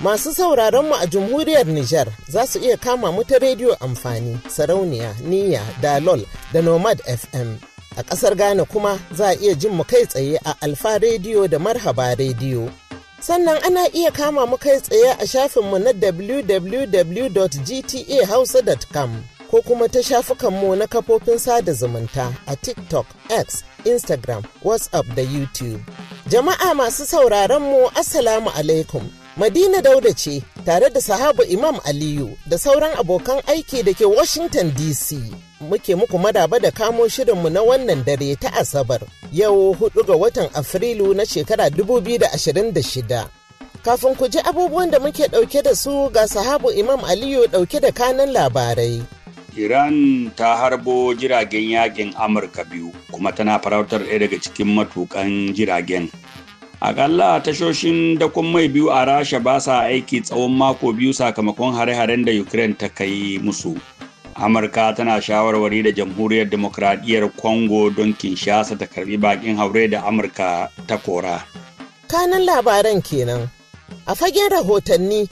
Masu sauraron mu a Jamhuriyar Nijar za su iya kama mu ta rediyo amfani, sarauniya, niya dalol da nomad FM. A ƙasar Ghana kuma za a iya jin mu kai tsaye a Alfa rediyo da Marhaba rediyo. Sannan ana iya kama mu kai tsaye a shafinmu na www.gtahausa.com ko kuma ta shafukanmu na kafofin sada zumunta a TikTok, X, Instagram, WhatsApp da YouTube. Jama'a masu sauraron mu Assalamu alaikum. Madina Dauda ce tare da sahabu Imam Aliyu da sauran abokan aiki da ke Washington DC. Muke muku madaba da kamo shirinmu na wannan dare ta Asabar, yau hudu ga watan Afrilu na shekara 2026. Kafin ku ji abubuwan da muke ɗauke da su ga sahabu Imam Aliyu ɗauke da kanan labarai. Iran ta harbo jiragen yakin Amurka biyu kuma tana farautar ɗaya daga cikin matukan jiragen. akalla tashoshin dakon mai biyu a rasha ba sa aiki tsawon mako biyu sakamakon hare-haren da ukraine ta kai musu amurka tana shawarwari da jamhuriyar demokradiyyar congo don kinshasa ta karbi bakin haure da amurka ta kora kanan labaran kenan a fagen rahotanni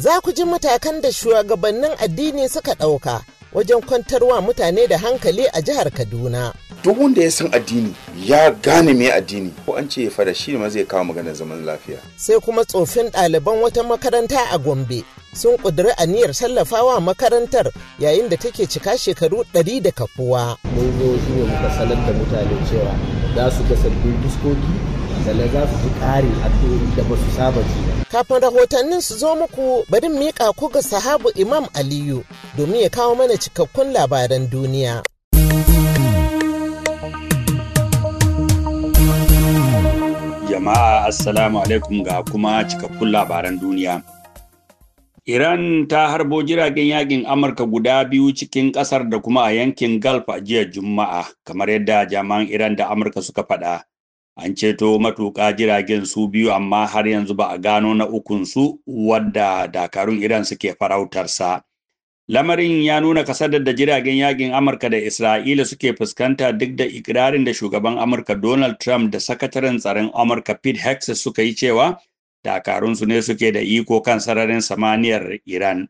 za ku ji matakan da shugabannin addini suka ɗauka wajen kwantarwa mutane da hankali a jihar kaduna duk wanda ya san addini ya gane mai addini ko an ce ya fara shi ma zai kawo maganar zaman lafiya sai kuma tsofin ɗaliban wata makaranta a gombe sun ƙudiri aniyar tallafawa makarantar yayin da take cika shekaru ɗari da kafuwa mun zo shi ne muka sanar da mutane cewa za su ga sabbin diskoki sannan za su ji ƙarin addu'o'i da ba su saba ji kafin rahotannin su zo muku bari miƙa ku ga sahabu imam aliyu domin ya kawo mana cikakkun labaran duniya Jama'a Assalamu alaikum ga kuma cikakkun labaran duniya. Iran ta harbo jiragen yakin Amurka guda biyu cikin ƙasar da kuma a yankin Gulf a jiya Juma'a, kamar yadda jami'an Iran da Amurka suka faɗa. An ceto matuƙa jiragen su biyu amma har yanzu ba a gano na ukun su wadda dakarun Iran suke farautarsa. Lamarin ya nuna kasadar da jiragen yakin Amurka da Isra'ila suke fuskanta duk da ikirarin da shugaban Amurka Donald Trump da sakataren tsaron Amurka Pete Hexas suka yi cewa dakarunsu ne suke da iko kan sararin samaniyar Iran.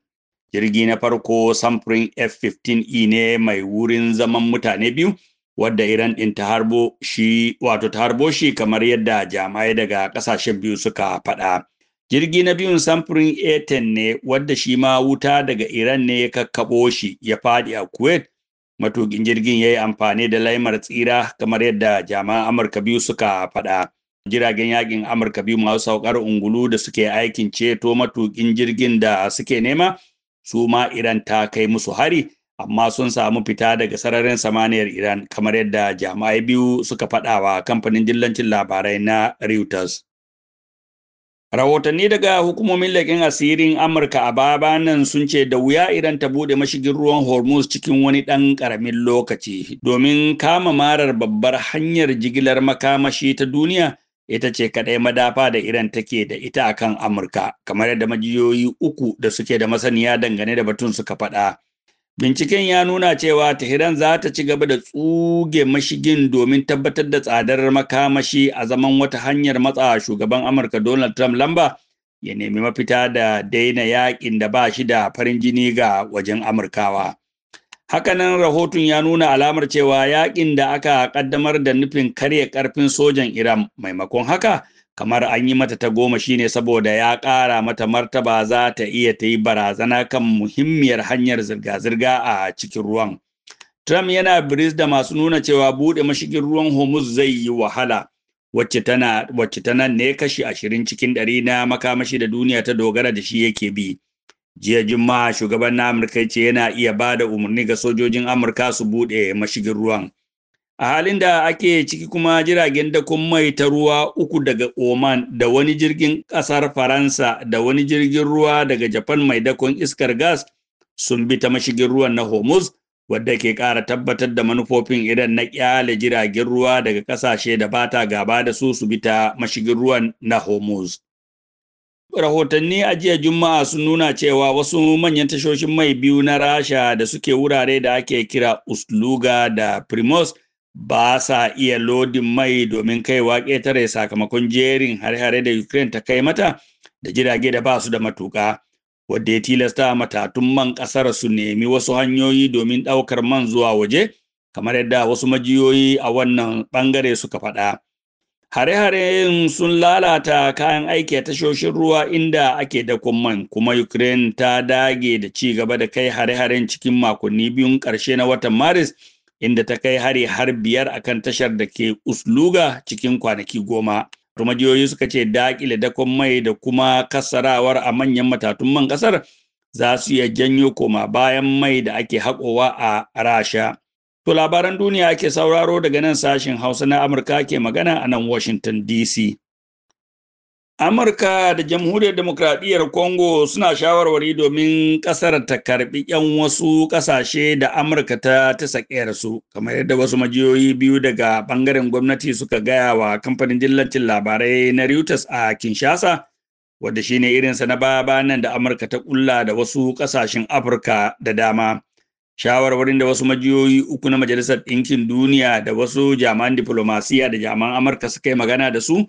Jirgi na farko samfurin F-15E ne mai wurin zaman mutane biyu, wadda Iran ɗin ta harbo shi wato ta harbo shi kamar yadda jama'ai daga ƙasashen biyu suka faɗa. Jirgi na biyun samfurin A-10 ne wadda shi ma wuta daga Iran ne ya kakkaɓo shi ya faɗi a Kuwait. Matukin jirgin ya yi amfani da laimar tsira kamar yadda jami'an Amurka biyu suka faɗa. Jiragen yakin Amurka biyu masu saukar ungulu da suke aikin ceto matukin jirgin da suke nema su ma Iran ta kai musu hari amma sun samu fita daga sararin samaniyar Iran kamar yadda jami'ai biyu suka faɗawa kamfanin dillancin labarai na Reuters. Rahotanni daga hukumomin leƙen asirin Amurka a baba nan sun ce da wuya idan ta buɗe mashigin ruwan Hormuz cikin wani ɗan ƙaramin lokaci domin kama marar babbar hanyar jigilar makamashi ta duniya ita ce kaɗai madafa da Iran take da ita akan Amurka kamar yadda majiyoyi uku da suke da masaniya dangane da batun suka faɗa. Binciken ya nuna cewa Tehran za ta ci gaba da tsuge mashigin domin tabbatar da tsadar makamashi a zaman wata hanyar matsa shugaban Amurka Donald Trump lamba ya nemi mafita da daina yakin da ba shi da farin jini ga wajen Amurkawa. Hakanan rahoton ya nuna alamar cewa yakin da aka kaddamar da nufin karya karfin sojan Iran maimakon haka kamar an yi mata ta goma shine saboda ya ƙara mata martaba za ta iya ta yi barazana kan muhimmiyar hanyar zirga-zirga a cikin ruwan. Trump yana biris da masu nuna cewa buɗe mashigin ruwan Hormuz zai yi wahala, wacce ta nan ne kashi ashirin cikin ɗari na makamashi da duniya ta dogara da shi yake bi. Jiya Juma'a shugaban na Amurka ce yana iya ba da umarni ga sojojin Amurka su buɗe mashigin ruwan. a halin da ake ciki kuma jiragen dakon mai ta ruwa uku daga oman da wani jirgin kasar faransa da wani jirgin ruwa daga japan mai dakon iskar gas sun bi ta mashigin ruwan na hormuz wadda ke ƙara tabbatar da manufofin idan na ƙyale jiragen ruwa daga ƙasashe da bata gaba da su su bi ta mashigin ruwan na hormuz rahotanni a jiya juma'a sun nuna cewa wasu manyan tashoshin mai biyu na rasha da suke wurare da ake kira usluga da primos ba sa iya lodin mai domin kaiwa ƙetare sakamakon jerin hare-hare da Ukraine ta kai mata da jirage da ba su da matuƙa, wadda ya tilasta matatun man ƙasar su nemi wasu hanyoyi domin ɗaukar man zuwa waje, kamar yadda wasu majiyoyi a wannan ɓangare suka faɗa. hare hare sun lalata kayan aiki a tashoshin ruwa inda ake dakon man, kuma Ukraine ta dage da ci gaba da kai hare-haren cikin makonni biyun ƙarshe na watan Maris. inda ta kai hari har biyar a kan tashar da ke usluga cikin kwanaki goma rumajiyoyi suka ce dakile dakon mai da kuma kasarawar a manyan matatun man kasar za su iya janyo koma bayan mai da ake haƙowa a rasha to labaran duniya ake sauraro daga nan sashen hausa na amurka ke magana a nan washington dc Amurka da Jamhuriyar Demokradiyyar Congo suna shawarwari domin ƙasar ta karɓi 'yan wasu ƙasashe da Amurka ta ta su, kamar yadda wasu majiyoyi biyu daga ɓangaren gwamnati suka gaya wa kamfanin dillacin labarai na Reuters a Kinshasa, wadda shine irinsa na baya nan da Amurka ta ƙulla da wasu ƙasashen Afirka da dama. shawarwarin da wasu majiyoyi uku na majalisar ɗinkin duniya da wasu jaman diflomasiya da jaman amurka suka yi magana da su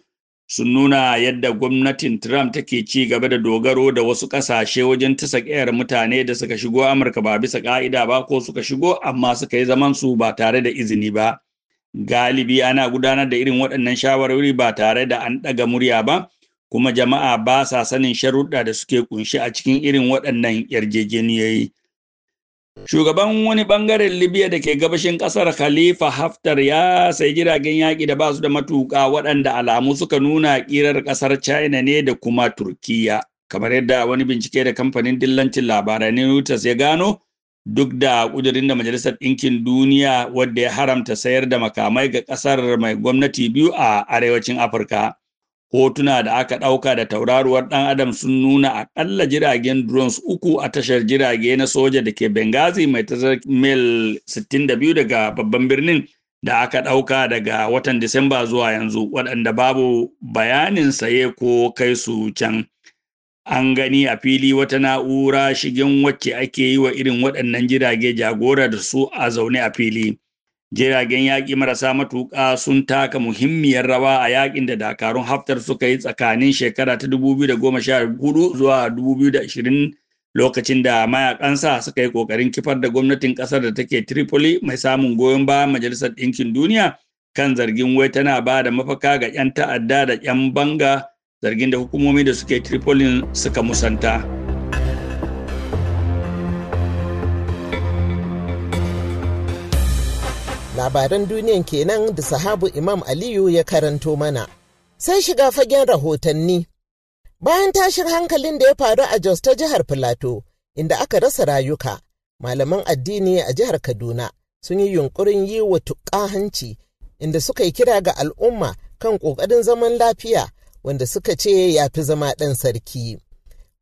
sun nuna yadda gwamnatin Trump take ci gaba da dogaro da wasu ƙasashe wajen tasa ƙiyar mutane da suka shigo Amurka ba bisa ƙa'ida ba ko suka shigo amma suka yi zamansu ba tare da izini ba. Galibi ana gudanar da irin waɗannan shawarwari ba tare da an ɗaga murya ba, kuma jama'a ba sa sanin sharuɗa da suke ƙunshi a cikin irin waɗannan yarjejeniyoyi. Shugaban wani bangaren Libya da ke gabashin kasar Khalifa Haftar ya sayi jiragen yaƙi da ba su da matuƙa waɗanda alamu suka nuna ƙirar ƙasar China ne da kuma Turkiyya. Kamar yadda wani bincike da kamfanin dillancin labarai na Reuters ya gano, duk da ƙudurin da Majalisar Ɗinkin Duniya wadda ya haramta sayar da makamai ga ƙasar mai gwamnati biyu a arewacin Afirka. hotuna da aka ɗauka da tauraruwar ɗan adam sun nuna aƙalla jiragen drones uku a tashar jirage na soja da ke benghazi mai tazar mil 62 daga babban birnin da aka ɗauka daga watan disamba zuwa yanzu waɗanda babu bayanin saye ko kai su can an gani a fili wata na'ura shigen wacce ake yi wa irin waɗannan jirage jagora da su a zaune a fili jiragen yaƙi marasa matuƙa sun taka muhimmiyar rawa a yaƙin da dakarun haftar suka yi tsakanin shekara ta 2014 zuwa 2020 lokacin da mayaƙansa suka yi ƙoƙarin kifar da gwamnatin ƙasar da take tripoli mai samun goyon bayan majalisar ɗinkin duniya kan zargin wai tana ba da mafaka ga 'yan ta'adda da 'yan banga zargin da hukumomi da suke tripoli suka musanta. labaran duniyan kenan da sahabu Imam Aliyu ya karanto mana. Sai shiga fagen rahotanni. Bayan tashin hankalin da ya faru a Jos ta jihar Filato, inda aka rasa rayuka, malaman addini a jihar Kaduna sun yi yunkurin yi wa tuƙa hanci, inda suka yi kira ga al'umma kan ƙoƙarin zaman lafiya wanda suka ce ya fi zama ɗan sarki.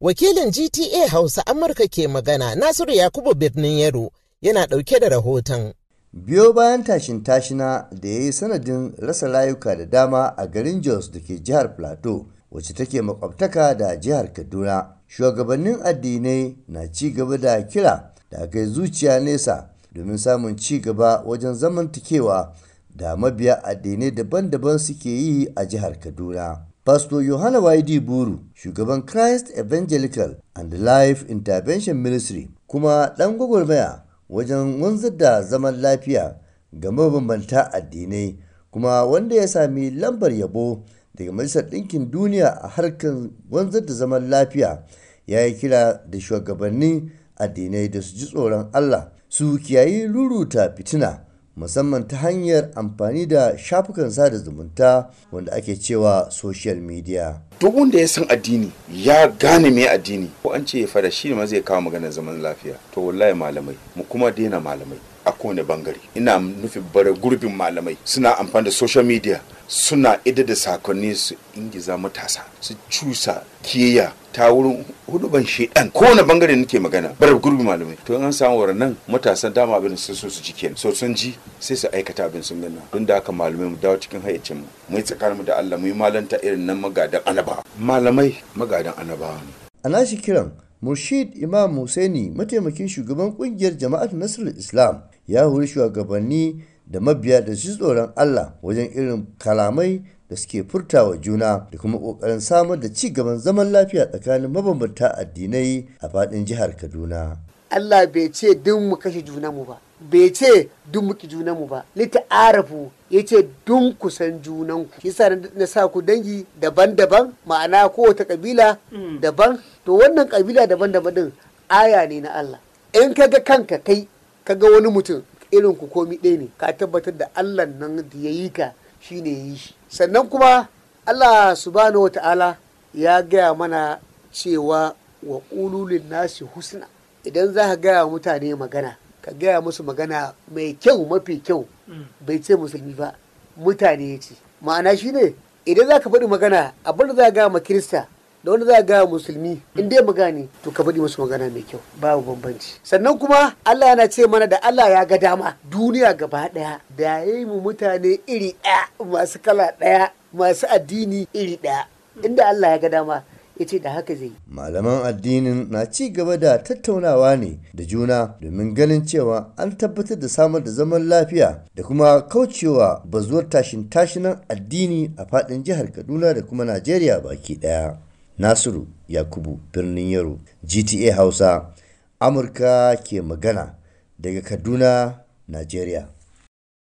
Wakilin GTA Hausa Amurka ke magana Nasiru Yakubu Birnin Yaro yana ɗauke da rahoton. biyo bayan tashin tashina da ya yi sanadin rasa layuka da dama a garin jos da ke jihar plateau wacce take makwabtaka da jihar kaduna shugabannin addinai na ci gaba da kira da kai zuciya nesa domin samun ci gaba wajen zamantakewa da mabiya addinai daban-daban suke yi a jihar kaduna Pastor Yohana YD Buru, shugaban Christ Evangelical and Life Intervention Ministry, kuma ɗan gwagwarmaya wajen wanzar da zaman lafiya ga mabambanta addinai kuma wanda ya sami lambar yabo daga majalisar ɗinkin duniya a harkar wanzar da zaman lafiya ya yi kira da shugabannin addinai da su ji tsoron allah su kiyayi ruruta fitina musamman ta hanyar amfani da shafukan sada zumunta wanda ake cewa social media. Duk wanda ya san addini ya gane mai addini ko an ce ya fara shi ma zai kawo maganar zaman lafiya to wallahi malamai mu kuma daina malamai a kowane bangare ina nufin bara gurbin malamai suna amfani da social media suna ida da sakonni su ingiza matasa su cusa kiyaya. ta wurin huduban shedan kowane bangare nake magana bar gurbi malamai to an samu nan matasan dama abin sun so su ji kenan so sun ji sai su aikata abin sun gana don da haka malamai mu dawo cikin hayyacin mu mu yi tsakanin mu da Allah mu yi malanta irin nan magadan anaba malamai magadan anaba ne a nashi kiran murshid imam Musaini mataimakin shugaban kungiyar jama'at nasrul islam ya hori shugabanni da mabiya da su tsoron Allah wajen irin kalamai da suke furtawa juna da kuma ƙoƙarin samar da ci gaban zaman lafiya tsakanin mabambanta addinai a faɗin jihar Kaduna. Allah bai ce duk mu kashe junanmu ba, bai ce duk mu ki junanmu ba, lita arafu ya ce dun kusan junanku. sa na sa ku dangi daban-daban ma'ana kowace kabila mm. daban, to wannan kabila daban-daban din aya ne na Allah. In ka ga kanka kai, ka ga wani mutum, irin ku komi ɗaya ne ka tabbatar da Allah nan da ya yi ka shi ne ya yi shi sannan kuma Allah subhanahu ta'ala ya gaya mana cewa wa ƙululin nasi husna idan za ka gaya mutane magana ka gaya musu magana mai kyau mafi kyau mm. bai ce musulmi ba mutane ya ce ma'ana shi ne idan za ka faɗi magana abin da za ka gaya ma kirista da wani za a gaya musulmi in dai magana ne to ka faɗi musu magana mai kyau babu bambanci sannan kuma Allah yana ce mana da Allah ya ga dama duniya gaba ɗaya da ya yi mu mutane iri ɗaya masu kala ɗaya masu addini iri ɗaya inda Allah ya ga dama ya ce da haka zai malaman addinin na ci gaba da tattaunawa ne da juna domin ganin cewa an tabbatar da samar da zaman lafiya da kuma kaucewa bazuwar tashin tashinan addini a faɗin jihar kaduna da kuma najeriya baki ɗaya Nasiru Yakubu birnin Yaro GTA Hausa Amurka ke magana daga Kaduna, Najeriya.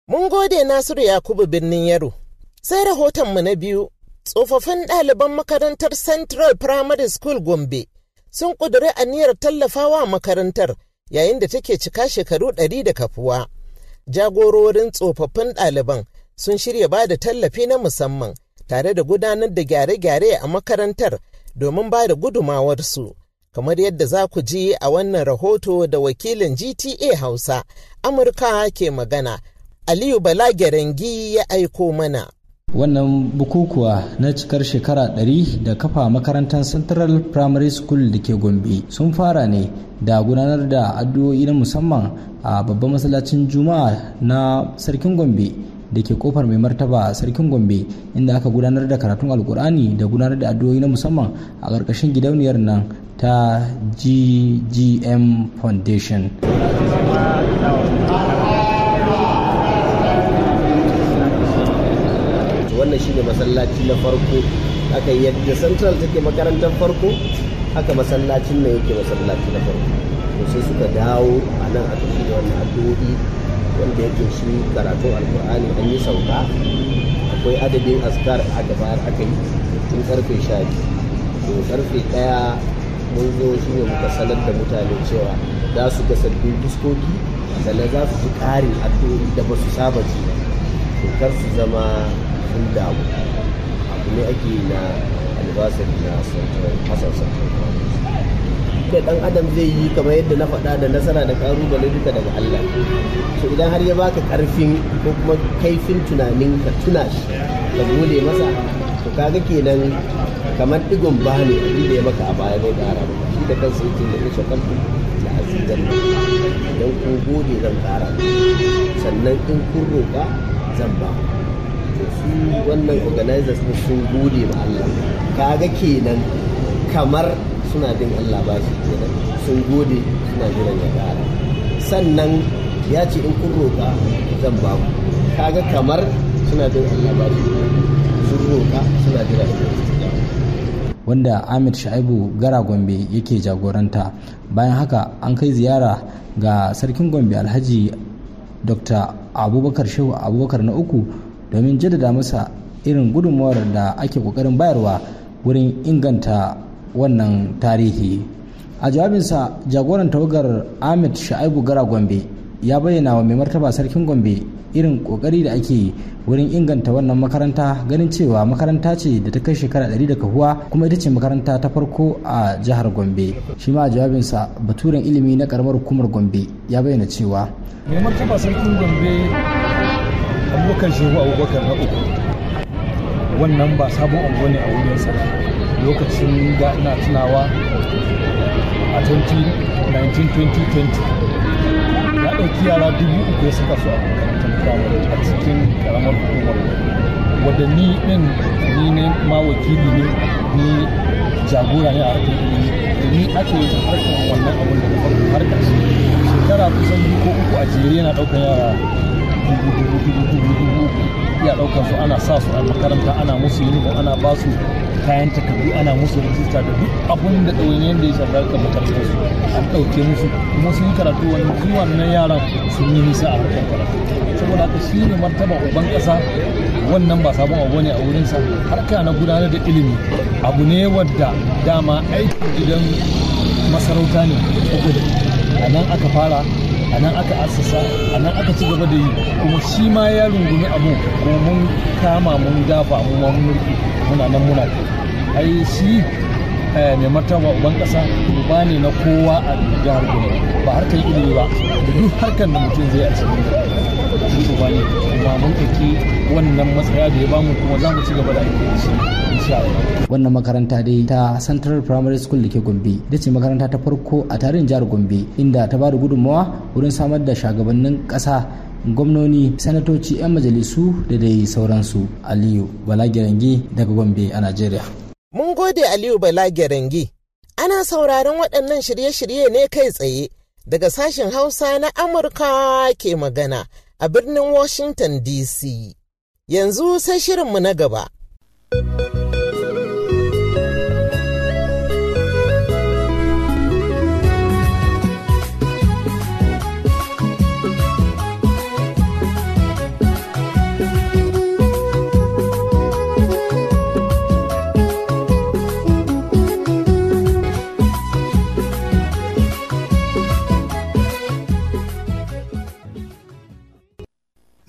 Mun gode Nasiru Yakubu birnin Yaro. Sai rahotonmu na biyu, tsofaffin ɗaliban makarantar Central Primary School Gombe sun ƙudiri aniyar tallafawa makarantar yayin da take cika shekaru ɗari da kafuwa. Jagororin tsofaffin ɗaliban sun shirya ba da tallafi na musamman. tare da gudanar da gyare-gyare a makarantar domin ba da gudumawarsu. Kamar yadda za ku ji a wannan rahoto da wakilin GTA Hausa, Amurka ke magana, Aliyu bala Balagerengi ya aiko mana. wannan bukukuwa na cikar shekara ɗari da kafa makarantar central primary school da ke gombe sun fara ne da gudanar da addu'o'i na musamman a babban masallacin juma'a na sarkin gombe da ke kofar mai martaba a sarkin gombe inda aka gudanar da karatun alkur'ani da gudanar da addu'o'i na musamman a ƙarƙashin gidauniyar nan ta ggm foundation wannan ne masallaci na farko aka yadda central take makarantar farko haka masallacin na yake masallaci na farko sai suka dawo a nan aka shi da addu'o'i wanda ya shi karatun alkur'ani an yi sauka akwai adadin askar a gaba aka yi tun karfe sha to karfe ɗaya mun zo shi ne muka sanar da mutane cewa za su ga sabbin diskoki sannan za su ji karin addu'o'i da ba su saba ji to kar su zama sun damu abu ne ake na albasar na hasan sanarwa da dan adam zai yi kamar yadda na faɗa da nasara da ƙalubale duka daga Allah so idan har ya baka ƙarfin ko kuma kaifin tunanin ka tuna shi ka gode masa to kaga kenan kamar digon ba ne da ya maka a baya zai ƙara ba shi da kansa yake da ya shakaltu da azizan idan ku gode zan ƙara sannan in kun roƙa zan ba to su wannan organizers sun gode ma Allah kaga kenan kamar suna bin Allah ba su sun gode suna jiran ya ƙara sannan ya ce in kun roƙa zan ba ku kaga kamar suna bin Allah ba su sun roƙa suna jiran ya wanda Ahmed Shaibu Gara Gombe yake jagoranta bayan haka an kai ziyara ga sarkin Gombe Alhaji Dr. Abubakar Shehu Abubakar na uku domin jaddada masa irin gudunmawar da ake kokarin bayarwa wurin inganta wannan tarihi a jawabinsa jagoran tawagar ahmed sha'ibu gara gombe ya bayyana wa mai martaba sarkin gombe irin kokari da ake wurin inganta wannan makaranta ganin cewa makaranta ce da ta kai shekara 100 da kahuwa kuma ita ce makaranta ta farko a jihar gombe shi ma a jawabinsa baturen ilimi na karamar hukumar gombe ya bayyana cewa mai martaba sarkin gombe abubakar shehu abubakar na uku wannan ba sabon abu ne a wurin sarki lokacin da ina tunawa a 2020. ya ɗauki yara dubu uku ya saka su a makarantar firamare a cikin karamar hukumar wadda ni ɗin ni ne ma wakili ne ni jagora ne a harkar ilimi da ni ake harkar wannan abin da farko harkar shekara kusan biyu ko uku a jere yana ɗaukar yara dubu ya ɗaukar su ana sa su a makaranta ana musu uniform ana ba su kayan takardu ana musu rajista da duk abun da ɗawainiyar da ya shafi harkar makarantar su an ɗauke musu kuma sun yi karatu wani su na yaran sun yi nisa a harkar karatu saboda haka shi ne martaba uban ƙasa wannan ba sabon abu ne a wurinsa harka na gudanar da ilimi abu ne wadda dama aikin gidan masarauta ne a nan aka fara a nan aka asasa a nan aka ci gaba da yi kuma shi ma ya rungumi abu ko mun kama mun dafa mun ma mun muna nan muna ai shi eh, mai martaba uban kasa uba ne na kowa a jihar Gombe ba har harkar ilimi ba da duk harkar da mutum zai a cikin shi ne kuma mun kake wannan matsaya da ya bamu kuma za mu ci gaba da aiki wannan makaranta dai ta central primary school da ke gombe ita ce makaranta ta farko a tarihin jihar gombe inda ta ba da gudunmawa wurin samar da shagabannin ƙasa gwamnoni sanatoci 'yan majalisu da dai sauransu aliyu balagirangi daga gombe a nigeria mun gode aliyu balagirangi ana sauraron waɗannan shirye-shirye ne kai tsaye daga sashen hausa na amurka ke magana a birnin Washington DC. Yanzu sai shirinmu na gaba.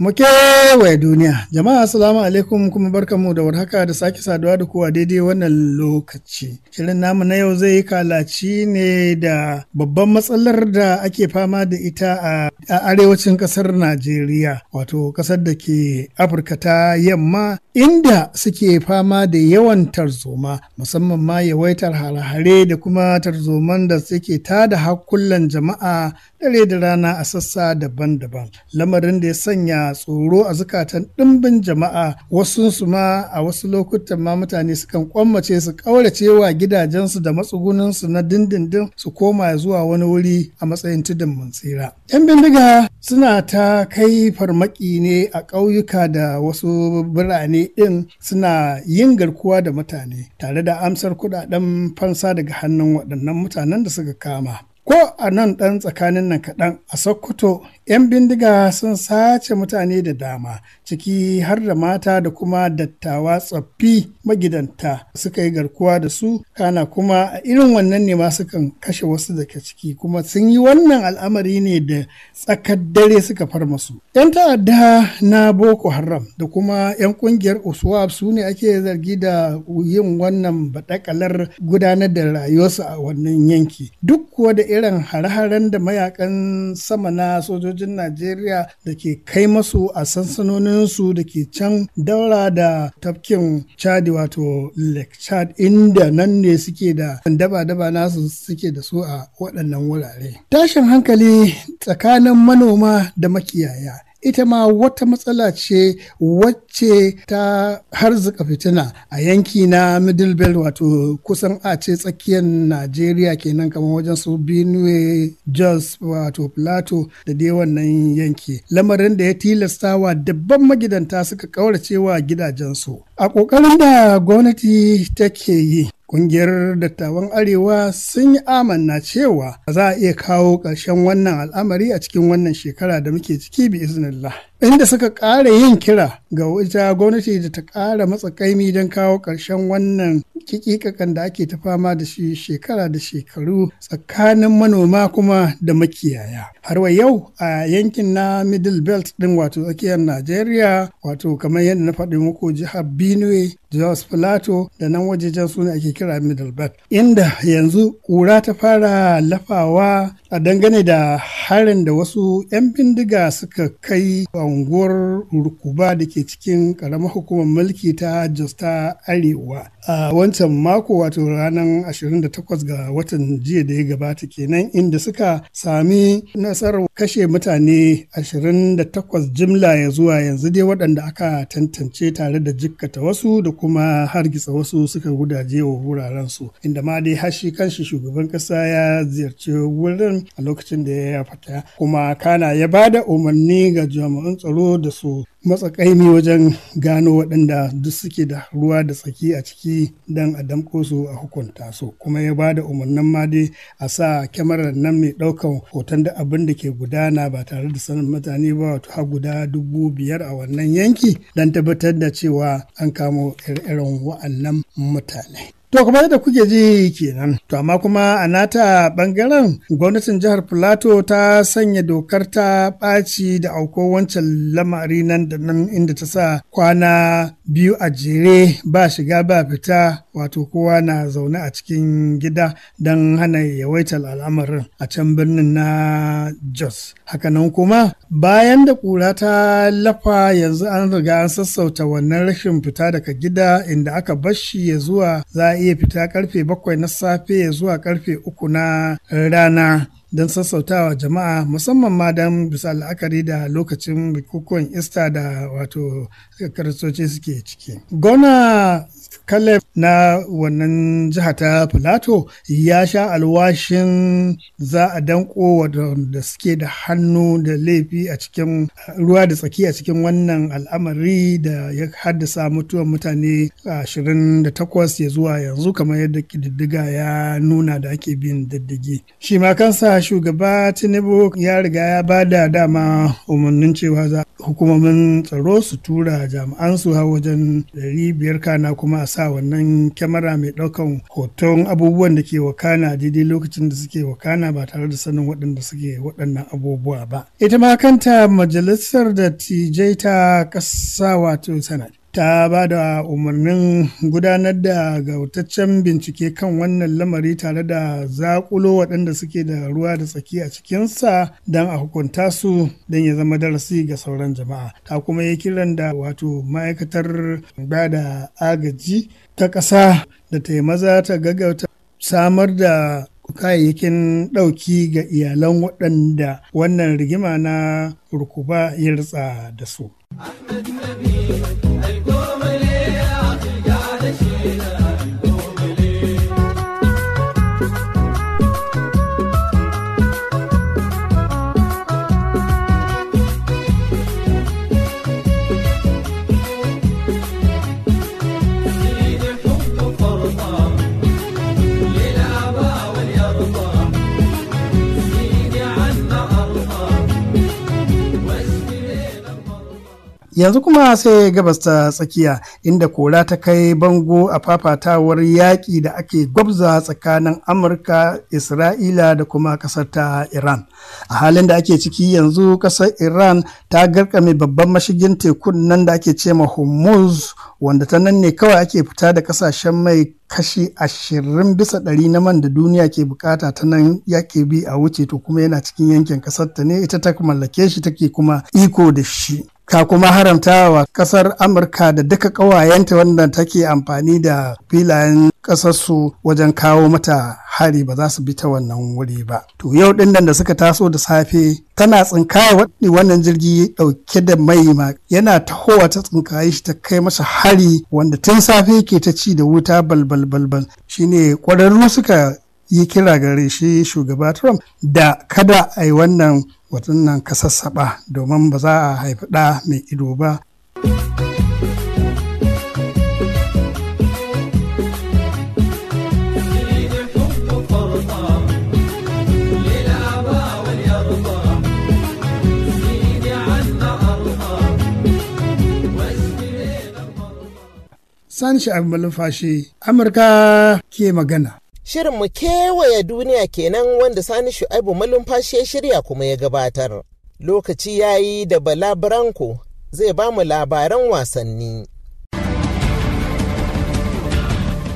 Mu kewaye duniya, jama'a salamu alaikum kuma barkanmu da warhaka da sake saduwa da kowa daidai wannan lokaci. Shirin namu na yau zai yi kalaci ne da babban matsalar da ake fama da ita a arewacin kasar Najeriya, wato kasar da ke Afirka ta yamma inda suke fama da yawan tarzoma musamman ma yawaitar hare da kuma tarzoman da suke tada hakkullan jama'a dare da rana a sassa daban-daban lamarin da ya sanya tsoro a zukatan ɗimbin jama'a wasunsu ma a wasu lokutan ma mutane sukan kwammace su ƙaurace wa gidajensu da matsuguninsu na dindindin su koma zuwa wani wuri a matsayin tudun mun tsira. 'Yan bindiga suna ta kai farmaki ne a ƙauyuka da wasu birane ɗin suna yin garkuwa da mutane tare da amsar kuɗaɗen fansa daga hannun waɗannan mutanen da suka kama. ko a nan ɗan tsakanin nan kaɗan a sokoto 'yan bindiga sun sace mutane da dama ciki har da mata da kuma dattawa tsaffi magidanta suka yi garkuwa da su kana kuma a irin wannan ne ma sukan kashe wasu daga ciki kuma sun yi wannan al'amari ne da tsakar dare suka far masu 'yan ta'adda na boko haram da kuma 'yan kungiyar uswab su ne ake zargi da yin wannan baɗakalar gudanar da rayuwarsu a wannan yanki duk kuwa da irin hare-haren da mayakan sama na sojojin Najeriya da ke kai masu a su da ke can daura da tafkin Chad wato Lake Chad inda nan ne suke da daba-daba nasu suke da su a waɗannan wurare. Tashin hankali tsakanin manoma da makiyaya. ita ma wata matsala ce wacce ta harzuka fitina a yanki na middle belt wato kusan a ce tsakiyar najeriya kenan kamar wajen su benue jos wato plato da dai wannan yanki lamarin da ya tilastawa dabban magidanta suka cewa gidajensu A ƙoƙarin da gwamnati take yi, ƙungiyar dattawan Arewa sun yi amanna cewa za a iya kawo ƙarshen wannan al'amari a cikin wannan shekara da muke ciki bi iznillah. inda suka ƙara yin kira ga wata gwamnati da ta ƙara matsa kaimi don kawo ƙarshen wannan kikikakan da ake ta fama da shi shekara da shekaru tsakanin manoma kuma da makiyaya har wa yau a yankin na middle belt din wato tsakiyar najeriya wato kamar yadda na faɗi muku jihar benue Jos Plato da nan wajejen suna ake kira Middleburg inda yanzu kura ta fara lafawa a dangane da harin da wasu 'yan bindiga suka kai a unguwar Rukuba da ke cikin karamar hukumar mulki ta Jos ta Arewa a wancan mako wato ranar 28 ga watan jiya da ya gabata kenan inda suka sami nasarar kashe mutane 28 jimla ya zuwa yanzu dai waɗanda aka tantance tare da jikkata wasu da kuma hargitsa wasu suka gudaje wa wuraren su, inda ma dai hashi kanshi shugaban kasa ya ziyarci wurin a lokacin da ya fita kuma kana ya bada umarni ga jami'an tsaro da su matsakaimi wajen gano waɗanda duk suke da ruwa da tsaki a ciki don a damƙo su a hukunta su kuma ya ba da umarnin ma dai a sa kyamarar nan mai ɗaukan hoton da abin da ke gudana ba tare da sanin mutane ba wato har guda dubu biyar a wannan yanki don tabbatar da cewa an kamo irin wa'annan mutane To kuma yadda kuke ji kenan. To amma kuma a nata bangaren gwamnatin jihar Filato ta sanya dokar ta ɓaci da auko wancan lamari nan da nan inda ta sa kwana biyu a jere ba shiga ba fita wato kowa na zaune a cikin gida don hana yawaitar al'amarin a can birnin na jos hakanan kuma bayan da kura ta lafa yanzu an riga an sassauta wannan rashin fita daga gida inda aka bashi ya zuwa za a iya fita karfe bakwai na safe ya zuwa karfe uku na rana don sassautawa jama'a musamman ma don bisa la'akari da lokacin bukukuwan ista da wato kiristoci suke ciki. Gona Caleb na wannan jiha ta Filato ya sha alwashin za a danko wadanda suke da hannu da laifi a cikin ruwa da tsaki a cikin wannan al'amari da ya haddasa mutuwar mutane 28 ya zuwa yanzu kamar yadda ƙididdiga ya nuna da ake bin diddigi. Shi ma kansa shugaba Tinubu ya riga ya ba da dama umarnin cewa za hukumomin tsaro su tura jami'an su wajen 500 kana kuma ma sa wannan kyamara mai ɗaukan hoton abubuwan da ke wakana daidai lokacin da suke wakana ba tare da sanin waɗanda suke waɗannan abubuwa ba ita ma kanta majalisar da ta ƙasa wato senate ta ba da umarnin gudanar da gautaccen bincike kan wannan lamari tare da zaƙulo waɗanda suke da ruwa da tsaki a cikinsa don a hukunta su don ya zama darasi ga sauran jama'a ta kuma yi kiran da wato ma'aikatar ba da agaji ta ƙasa da ta yi maza ta gaggauta samar da kayayyakin ɗauki ga iyalan waɗanda wannan rigima na rukuba ya ritsa da su. احمد نبيل القوم ليه عقل قاعد اشيله yanzu kuma sai gabas ta tsakiya inda kora ta kai bango a fafatawar yaƙi da ake gwabza tsakanin amurka isra'ila da kuma ƙasar ta iran a halin da ake ciki yanzu ƙasar iran ta garkame babban mashigin tekun nan da ake ce ma hormuz wanda ta nan ne kawai ake fita da ƙasashen mai kashi ashirin bisa ɗari na man da duniya ke bukata ta nan yake bi a wuce to kuma yana cikin yankin ƙasar ta ne ita ta mallake shi take kuma iko da shi ka kuma haramta wa kasar amurka da duka ƙawayenta wanda take amfani da filayen ƙasarsu wajen kawo mata hari ba za su bi ta wannan wuri ba to yau ɗin da suka taso da safe tana tsinkaya wannan jirgi ɗauke da mai ma yana tahowa ta tsinkaye shi ta kai masa hari wanda tun safe ke ta ci da wuta balbal balbal shine ƙwararru suka yi kira gare shi shugaba trump da kada a yi wannan Watannan ka sassaɓa domin ba za a haifi ɗa mai ido ba. Sani abin Malumfashi, Amurka ke magana. Shirin mu kewaye duniya kenan wanda Sani Shu'aibu malumfashi ya shirya kuma ya gabatar. Lokaci ya yi da Bala Branko zai ba mu labaran wasanni.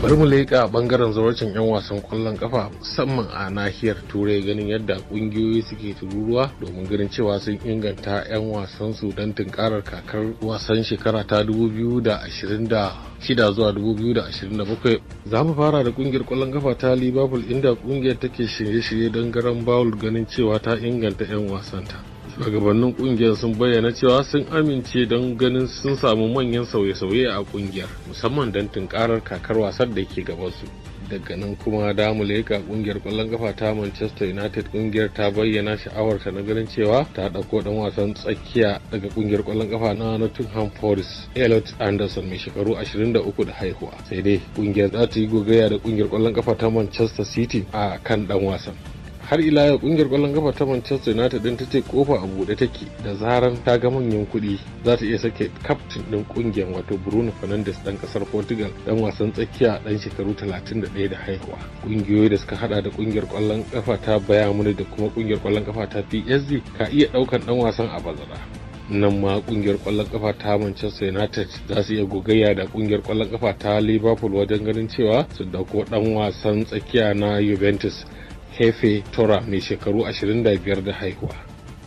bari mu leƙa bangaren zauracin 'yan wasan kwallon kafa musamman a nahiyar turai ganin yadda kungiyoyi suke tururuwa domin ganin cewa sun inganta 'yan wasan su don tunkarar kakar wasan shekara ta 2026 zuwa 2027 za mu fara da kungiyar kwallon kafa ta liverpool inda kungiyar take shirye-shirye don garan bawul ganin cewa ta inganta 'yan wasanta shugabannin kungiyar sun bayyana cewa sun amince don ganin sun samu manyan sauye-sauye a kungiyar musamman don tunkarar kakar wasan da ke gabansu daga nan kuma damuleka kungiyar kwallon kafa ta manchester united kungiyar ta bayyana sha'awarta na ganin cewa ta ɗauko ɗan wasan tsakiya daga kungiyar kwallon kafa na nottingham forest elliot anderson mai shekaru 23 da haihuwa sai dai kungiyar za ta yi gogaya da kungiyar kwallon kafa ta manchester city a kan dan wasan har ila yau kungiyar kwallon kafa ta manchester united din ta ce kofa a buɗe take da zaran ta ga manyan kuɗi za ta iya sake kaftin din kungiyar wato bruno fernandes dan kasar portugal dan wasan tsakiya dan shekaru 31 da haihuwa kungiyoyi da suka hada da kungiyar kwallon kafa ta bayamuni da kuma kungiyar kwallon kafa ta psg ka iya daukan dan wasan a bazara nan ma kungiyar kwallon kafa ta Manchester United za su iya gogayya da kungiyar kwallon kafa ta Liverpool wajen ganin cewa su dauko dan wasan tsakiya na Juventus hefe tora mai shekaru 25 da haihuwa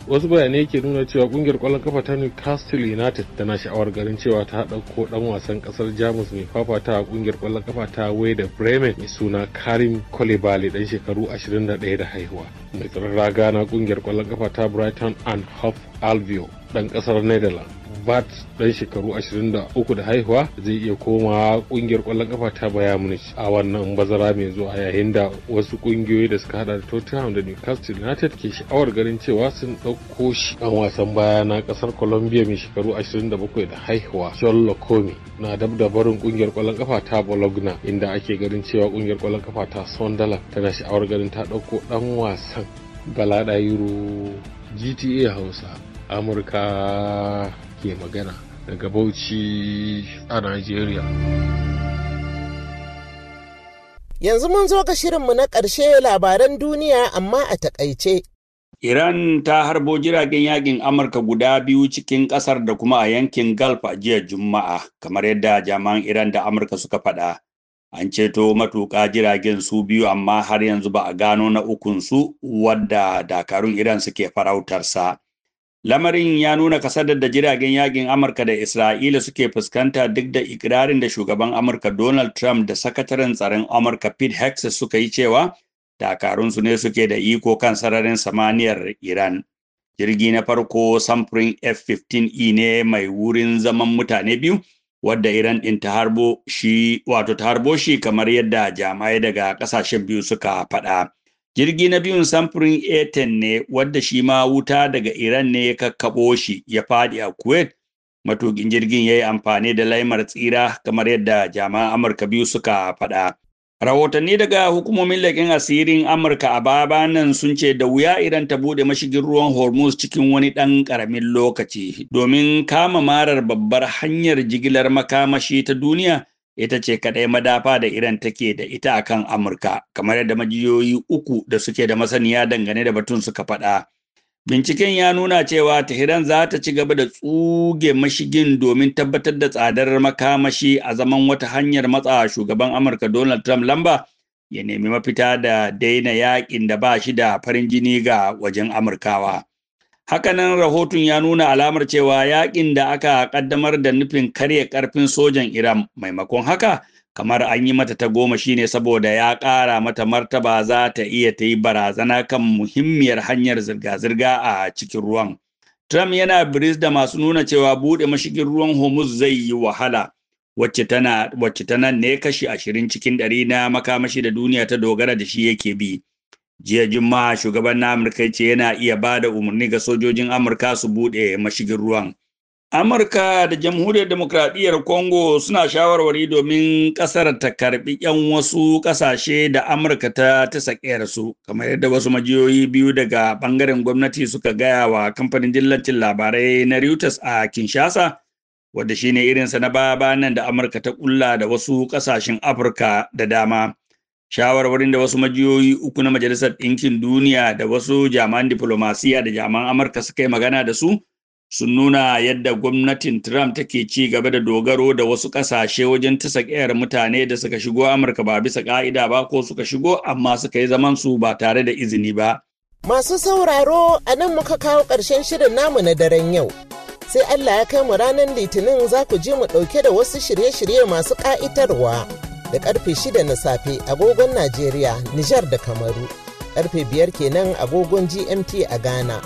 wasu bayanai ke nuna cewa kungiyar kwallon kafa ta newcastle united tana sha'awar garin cewa ta ɗauko ɗan wasan ƙasar jamus mai fafata a kungiyar kwallon kafa ta da bremen mai suna karim kolibali ɗan shekaru 21 da haihuwa mai tsaron raga na kungiyar kwallon kafa ta brighton and hove alvio ɗan ƙasar netherlands bat dan shekaru 23 da haihuwa zai iya koma kungiyar kwallon kafa ta baya munich a wannan bazara mai zuwa yayin da wasu kungiyoyi da suka hada da tottenham da newcastle united ke sha'awar ganin cewa sun ɗauko shi dan wasan baya na kasar colombia mai shekaru 27 da haihuwa john locome na dab da barin kungiyar kwallon kafa ta bologna inda ake ganin cewa kungiyar kwallon kafa ta sunderland tana sha'awar ganin ta ɗauko dan wasan balada yuro gta hausa amurka ke magana daga Bauchi a Najeriya. Yanzu mun zo ga shirinmu na ƙarshe labaran duniya amma a takaice. Iran ta harbo jiragen yakin Amurka guda biyu cikin ƙasar da kuma a yankin Gulf a jiya Juma'a, kamar yadda jami'an Iran da Amurka suka faɗa. An ceto matuƙa jiragen su biyu amma har yanzu ba a gano na ukun su wadda dakarun Iran suke farautarsa. Lamarin ya nuna kasadar da jiragen yakin Amurka da Isra'ila suke fuskanta duk da ikirarin da shugaban Amurka Donald Trump da sakataren tsaron Amurka Pete Hexas suka yi cewa dakarunsu ne suke da iko kan sararin samaniyar Iran. Jirgi na farko samfurin F-15E ne mai wurin zaman mutane biyu, wadda Iran ɗin ta harbo shi wato ta harbo shi kamar yadda jami'ai daga ƙasashen biyu suka faɗa. Jirgi na biyun samfurin A-10 ne wadda shi ma wuta daga Iran ne ya kakkaɓo shi ya faɗi a Kuwait. Matukin jirgin ya yi amfani da laimar tsira kamar yadda jami'an Amurka biyu suka faɗa. Rahotanni daga hukumomin leƙen asirin Amurka a baya nan sun ce da wuya Iran ta buɗe mashigin ruwan Hormuz cikin wani ɗan ƙaramin lokaci domin kama marar babbar hanyar jigilar makamashi ta duniya. ita ce kadai madafa da Iran take da ita akan Amurka, kamar yadda majiyoyi uku da suke da masaniya dangane da batun suka faɗa. Binciken ya nuna cewa Tehran za ta ci gaba da tsuge mashigin domin tabbatar da tsadar makamashi a zaman wata hanyar matsa shugaban Amurka Donald Trump lamba ya nemi mafita da daina yakin da ba shi da farin jini ga wajen Amurkawa. Hakanan rahoton ya nuna alamar cewa yakin da aka kaddamar da nufin karya karfin sojan Iran maimakon haka kamar an yi mata ta goma shine saboda ya ƙara mata martaba za ta iya ta yi barazana kan muhimmiyar hanyar zirga-zirga a cikin ruwan. Trump yana biris da masu nuna cewa buɗe mashigin ruwan Hormuz zai yi wahala. Wacce tana, wacce tana ne kashi ashirin cikin ɗari na makamashi da duniya ta dogara da shi yake bi. jiya juma'a shugaban na amurka ce yana iya ba da umarni ga sojojin amurka su buɗe mashigin ruwan amurka da jamhuriyar demokradiyyar congo suna shawarwari domin ƙasar ta karɓi 'yan wasu ƙasashe da amurka ta ta su kamar yadda wasu majiyoyi biyu daga ɓangaren gwamnati suka gaya wa kamfanin jillancin labarai na reuters a kinshasa wadda shine irinsa na baya-bayan nan da amurka ta ƙulla da wasu ƙasashen afirka da dama shawarwarin da wasu majiyoyi uku na majalisar ɗinkin duniya da wasu jami'an diplomasiya da jami'an amurka suka yi magana da su sun nuna yadda gwamnatin trump take ci gaba da dogaro da wasu ƙasashe wajen tasa mutane da suka shigo amurka ba bisa ƙa'ida ba ko suka shigo amma suka yi su ba tare da izini ba masu sauraro a nan muka kawo ƙarshen shirin namu na daren yau sai allah ya kai mu ranar litinin za ku je mu ɗauke da wasu shirye-shirye masu ƙa'itarwa. da karfe shida na safe agogon Najeriya, Nijar da Kamaru, karfe 5 kenan agogon GMT a Ghana.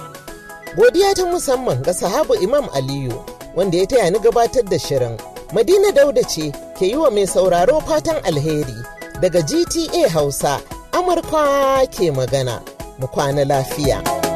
Godiya ta musamman ga sahabu Imam Aliyu wanda ya taya ni gabatar da shirin. Madina Dauda ce ke yi wa mai sauraro fatan alheri daga GTA Hausa, Amurka ke magana, mu kwana lafiya.